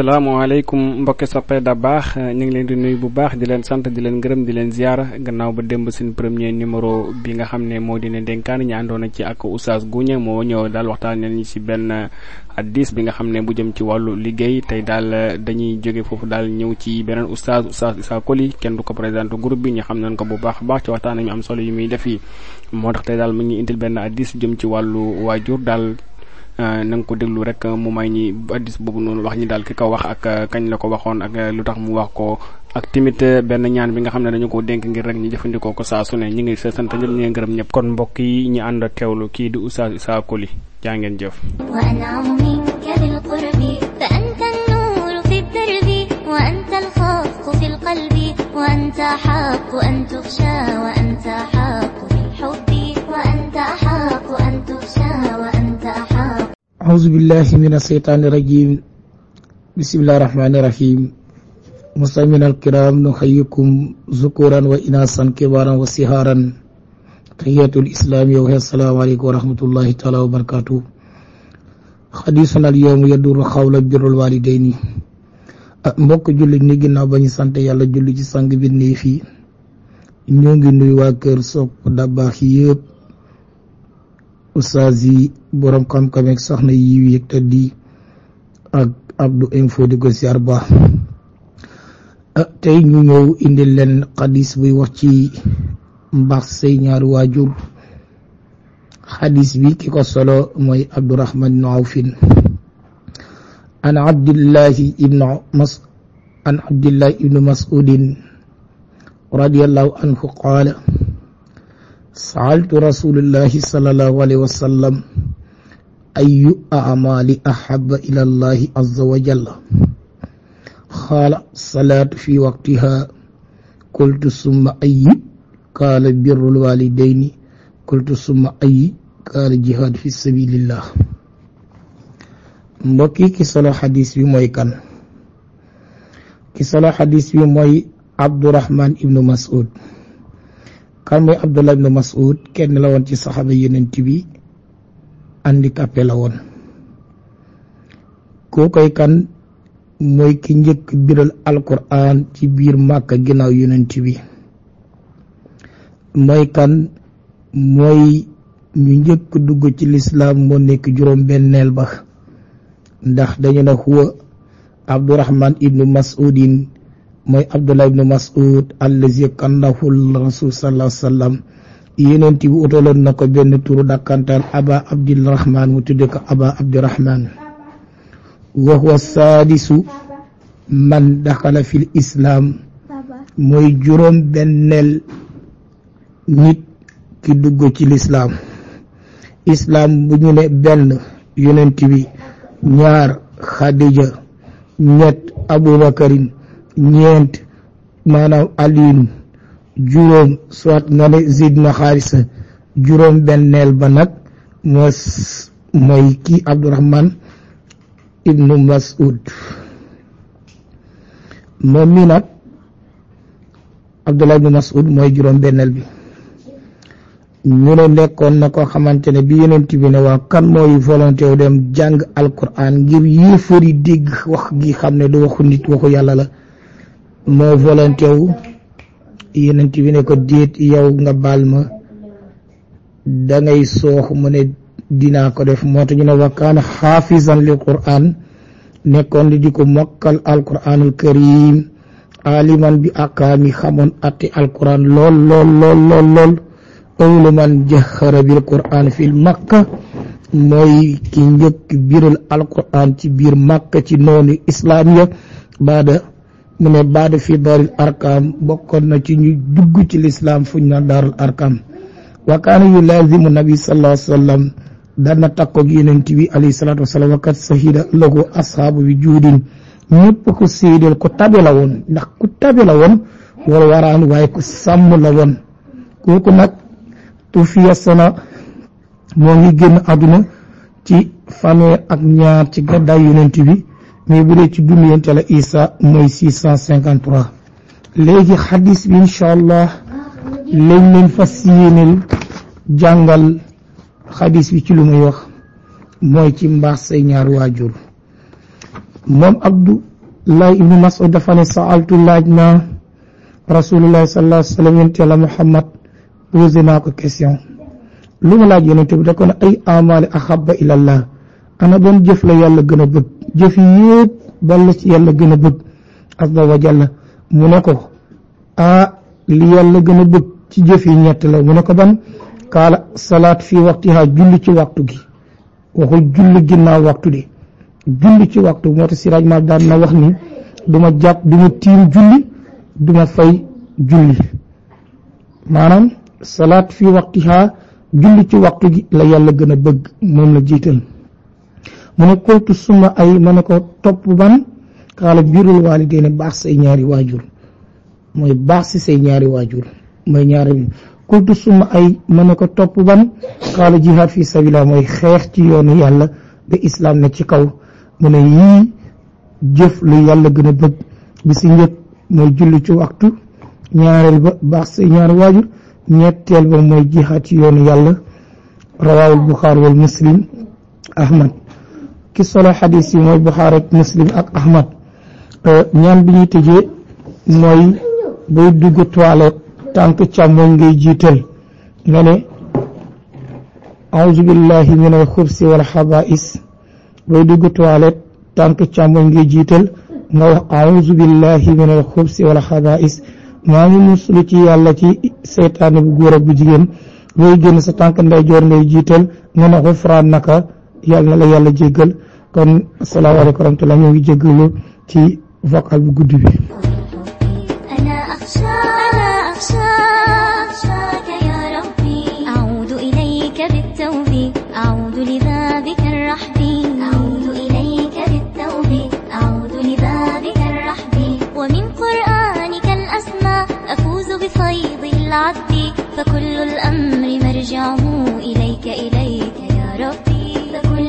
asalaamaaleykum mbokki soppe da baax ñu ngi leen di nuyu bu baax di leen sant di leen gërëm di leen ziara gannaaw ba démb seen premier numéro bi nga xam ne moo di ne dénkaan ñu àndoon ci ak oustaz Gougne moo ñëw daal waxtaan ñu ci benn hadiis bi nga xam ne bu jëm ci wàllu liggéey tey daal dañuy jóge foofu daal ñëw ci beneen oustaz oustaz Issa Coly kenn du ko présenté groupe bi ñu xam nañ ko bu baax baax ci waxtaan nañu am solo yu muy def yi moo tax tey daal mu ngi indil benn hadiis jëm ci wàllu waajur daal Euh, na nga ko déglu rek euh, mu may ñi addis boobu noonu wax ñi daal ki ko wax ak euh, kañ la ko waxoon ak lu tax mu wax ko ak tamit benn ñaan bi nga xam ne dañu ko dénk ngir rek ñu jëfandikoo ko saa ne ñu ngi sa sant ñëpp ñu ngi gërëm ñëpp. kon mbokk yi ñu ànd teewlu kii di Oustaz Issa li jaa ngeen jëf. وأنت حق أن تخشى وأنت حق أعوذ بالله من الشيطان الرجيم بسم الله الرحمن الرحيم مستمعينا الكرام نحييكم ذكورا وإناثا كبارا وصغارا تحية الإسلام وهي السلام عليكم ورحمة الله تعالى وبركاته xadiisuna al yawm yaduru xawla birrul waalidayni mbokk jullit ñi ginnaaw ba ñu sant yàlla julli ci sang bi nii fii ñoo ngi nuyu waa kër boroom xam-xam ak soxna yiw yëg tëdd yi ak abdu info di ko siyaar ah, tey ñu ñëw indi leen buy wax ci mbaax ñaari waajur xadis bi ko solo mooy abdurahman ibnu awfin an abdillahi ibnu mas an abdillahi ibnu masudin radiallahu anhu qaala saaltu rasulullahi sallallahu alayhi wa sallam ayu amali ahaba ila allahi azza wa jalla xaala salaatu fi waqtiha kultu summa ayi kaala birrul walidayni kultu summa ayi kaala jihaad fi sabilillah mbokki ki solo xadis bi mooy kan ki solo xadis bi mooy abdurahman ibnu mas'ud kan mooy abdullah ibnu mas'ud kenn la woon ci saxaaba yenent bi handicapé la woon kookoy kan mooy ki njëkk biral alquran ci biir màkka ginnaaw yonent bi mooy kan mooy ñu njëkk dugg ci lislaam moo nekk juróom benneel ba ndax dañu ne huwa abdurahman ibnu masudin mooy abdullah ibnu masud allazi kannahu rasul sallallahu sallam yonent bi utaloon na ko benn turu dàkkantal aba abdirahman mu tudde ko aba abdirahman wa huwa saadisu man daxala fil islaam mooy juróom benneel nit ki dugg ci lislaam islaam bu ñu ne benn yonent bi ñaar xadija ñett abubakarin ñeent juróom soit nga ne juróom benneel ba nag moo mooy kii abdourahman ibnu masud moom mi nag abdullah ibnu masud mooy juróom benneel bi ñu ne nekkoon na ko xamante ne bi yonent bi ne waa kan mooy volonté wu dem jàng alquran ngir yéefari dégg wax gi xam ne du waxu nit yàlla la moo volonté yonent bi ne ko déet yow nga baal ma dangay soox mu ne dinaa ko def moo tax ñu ne wakkaan xaafizan lil quraan nekkoon li di ko mokkal al quraanul karim aliman bi akaami xamoon atti al quraan lool lool lool lool lool bil quraan fil makka mooy ki njëkk biral al quraan ci biir makka ci noonu islaam baada mu ne fi fii daaril arkam bokkoon na ci ñu dugg ci lislaam fuñ na daarul arkam wa kaana yulaazimu nabi sallallahu alayhi wa sallam dana takkoog yonent bi alayhi salaatu wasalaam wakat sahida lahu ashaabu bi juudin ñëpp ko séedéel ku tabe la woon ndax ku tabe la woon wala waraan waaye ku sàmm la woon kooku nag tufiya sana moo ngi génn àdduna ci fanweer ak ñaar ci gàddaay yonent bi mais bu dee ci dund yonent Yàlla Isa mooy six cent cinquante trois bi allah lañ leen fas yéeneel jàngal xadis bi ci lu muy wax mooy ci mbaax say ñaar waajur moom Abdullah ibnu Mas'ud dafa ne saaltu laaj naa rasulullah sallallahu alayhi wa sallam Muhammad posé naa ko question lu ma laaj yonent bi da ko ne ay amaale axabba ilallah ana ban jëf la yàlla gën a bëgg jëf yëpp ban la ci yàlla gën a bëgg azza wa jalla mu ne ko ah li yàlla gën a bëgg ci jëf yi ñett la mu ne ko ban kaala salaat fii waxtihaa julli ci waxtu gi waxul julli ginnaaw waxtu de julli ci waxtu moo tax siraaj ma daan na wax ni duma jàpp duma tiim julli duma fay julli maanaam salaat fii waxtihaa julli ci waxtu gi la yàlla gën a bëgg moom la jiital mu ne kultu suma ay ma ne ko topp ban xaala birul waalidayni baax say ñaari waajur mooy baax si say ñaari waajur mooy ñaari kultu suma ay ma a ko topp ban xaala jihaad fi sabila mooy xeex ci yoonu yàlla ba islam ne ci kaw mu ne yii jëf lu yàlla gën a bëgg bi si njëkk mooy julli ci waxtu ñaareel ba baax say ñaari waajur ñetteel ba mooy jihaad ci yoonu yàlla rawaawul buxaar wal muslim ahmad ki solo xadis yi mooy Buxaar ak Muslim ak Ahmad euh, ñaan bi ñuy tëjee mooy booy dugg toilette tànk càmmoñ ngay jiital nga ne auzu billahi wax auzu billahi xubsi wal xabaais maa ngi muslu ci yàlla ci seytaane bu góor ak bu jigéen booy génn sa tànk ndeyjoor ngay jiital nga ne xufraan naka yàlla na la yàlla jéggal kon asalaamaaleykum wa rahmatulah ñoo ngi jéggalu ci vocal bu guddi bi.